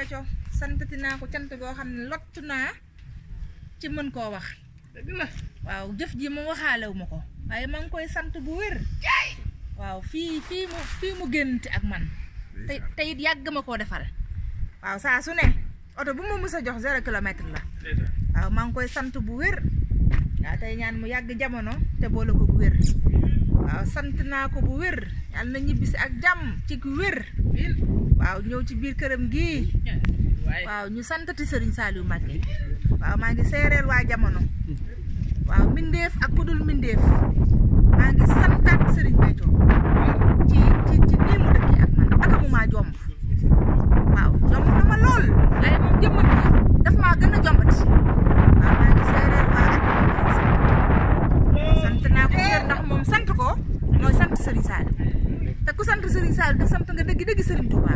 Béthio santati naa ko cant goo xam ne lottu naa ci mën koo wax waaw jëf ji mu waxaalewu ma ko waaye maa ngi koy sant bu wér waaw fii fii mu mu génn ak man te teyit ma koo defal waaw saa su ne oto bu ma mës a jox zéro kilomètre la waaw maa ngi koy sant bu wér waaw tey ñaan mu yàgg jamono te boole ko bu wér waaw sant naa ko bu wér yàlla na ñibbisi ak jàmm ci ku wér waaw ñëw ci biir këram gii waaw ñu santati Serigne Saliou Mbacké waaw maa ngi seereel waa jamono waaw mbindeef ak kudul mbindeef maa ngi santaat Serigne alal du sant nga dëgg dëgg Serigne Touba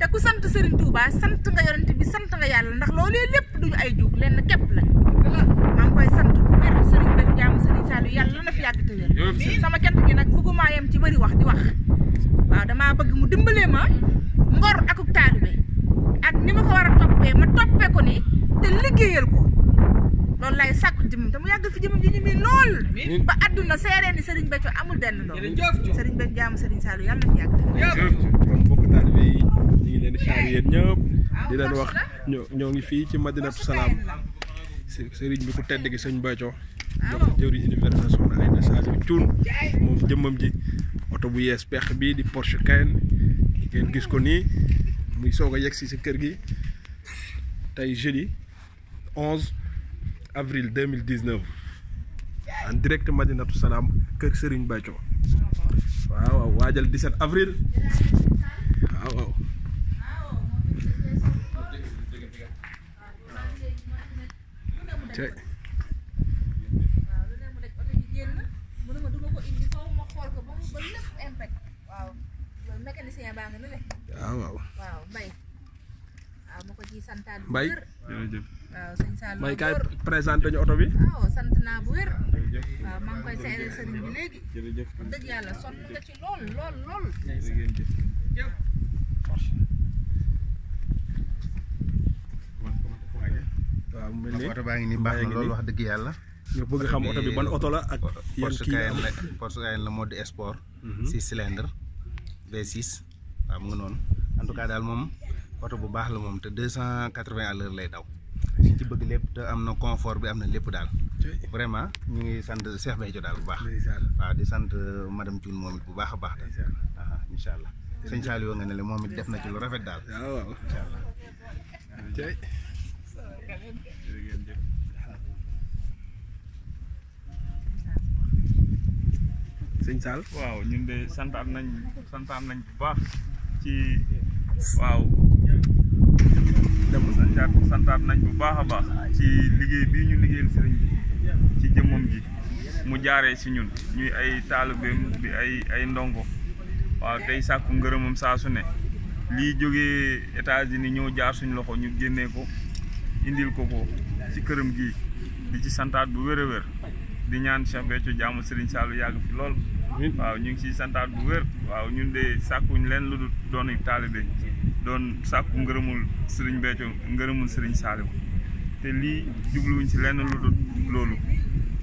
te ku sant Serigne Touba sant nga yonent bi sant nga yàlla ndax loolee lépp duñu ay juug lenn képp la maa ngi koy sant bu wér Serigne Bethio jaamu Serigne Saliou yàlla na fi yàgg te sama cant gi nag bëgguma yem ci bëri wax di wax waaw damaa bëgg mu dimbalee ma ngor akuk taalibe ak ni ma ko war a toppee ma toppee ko ni te liggéeyal ko. loolu lay sàkku jëmm te mu yàgg fi jëmm ji ñu miin lool ba àdduna seeree ni Serigne Béthio amul benn lool Serigne Béthio jaamu Serigne Saliou yàlla na fi yàgg ngi leen di xaar ah, di wax ñoo ngi fii ci Madinatu Salaam sëriñ bi ku tedd gi Serigne Béthio jox ah, jëwri université Soxna Aïda Saliou Thioune moom jëmmam ji oto bu yees pex bii di Porsche Cayenne ngeen gis ko nii muy soog a yegg si si kër gi tey jeudi 11 avril 2019 en direct Madinatu Salaam kër Serigne Bacco waaw waaw waajal 17 avril waaw waaw waaw waaw. waaw ma ko ciy santaat bu oto bi. waaw sant naa bu wér. waaw maa ngi koy seere sëriñ nga ci lool lool lool. ni oto baa ngi nii baax na lool wax dëgg yàlla. ñu bëgg xam oto bi ban oto la ak. yan la Porsche Cayenne la mode sport. 6 mhm. waaw mu ngi noonu en daal moom. oto bu baax la moom te deux cent quatre-vingts à lay daw ñu ci bëgg lépp te am na confort bi am na lépp daal vraiment ñu ngi sant Cheikh Béthio daal bu baax waaw di sant euh, madame Thioune moom it bu baax a baax daal aa incha allah sëñ Saliou nga ne le moom it def ci lu rafet daal ah, incha allah sëñ Sall waaw ñun de am nañ santaat nañ bu baax ci waaw dem santaat santaat nañ bu baax a baax ci liggéey bii ñu liggéeyal sëriñ bi ci jëmmam ji mu jaare si ñun ñuy ay taalibeem di ay ay ndongo waaw tey sàkku ngërëmam saa su ne lii jógee États-Unis ñëw jaar suñu loxo ñu génnee ko indil ko ko ci këram gi di ci santaat bu wér a wér di ñaan Cheikh Béthio jaamu Serigne Saliou yàgg fi lool waaw ñu ngi siy santaat bu wér waaw ñun de sàkkuñ leen lu dul doon taalibe doon sàkku ngërëmul sëriñ Béthio ngërëmul sëriñ Saliou te lii jubluwuñ ci lenn lu loolu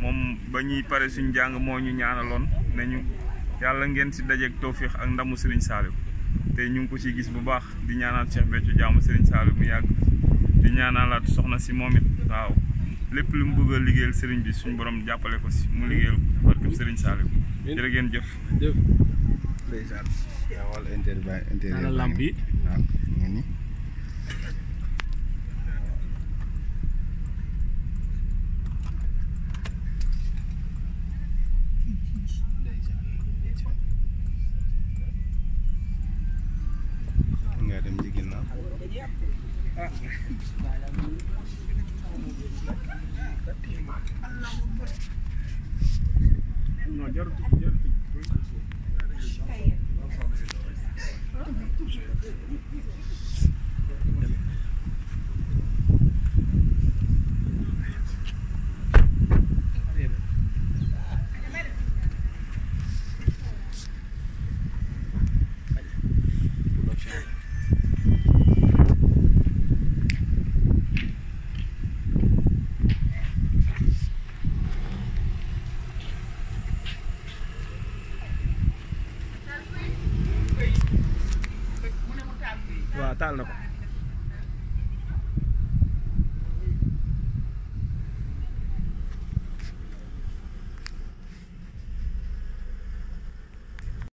moom ba ñuy pare suñ jàng moo ñu ñaanaloon nañu yàlla ngeen si dajeeg tawféex ak ndamu sëriñ Saliou te ñu ngi ko siy gis bu baax di ñaanal Cheikh Béthio jaamu Serigne Saliou mu yàgg di ñaanalaat soxna si moom it waaw lépp lu mu bëgg a liggéeyal Serigne bi suñu borom jàppale ko si mu liggéey ko barkeb jërë ngeen jëf. jëf. ndeysaan. waaw wala interview interview. lamp yi waaw. taal na ko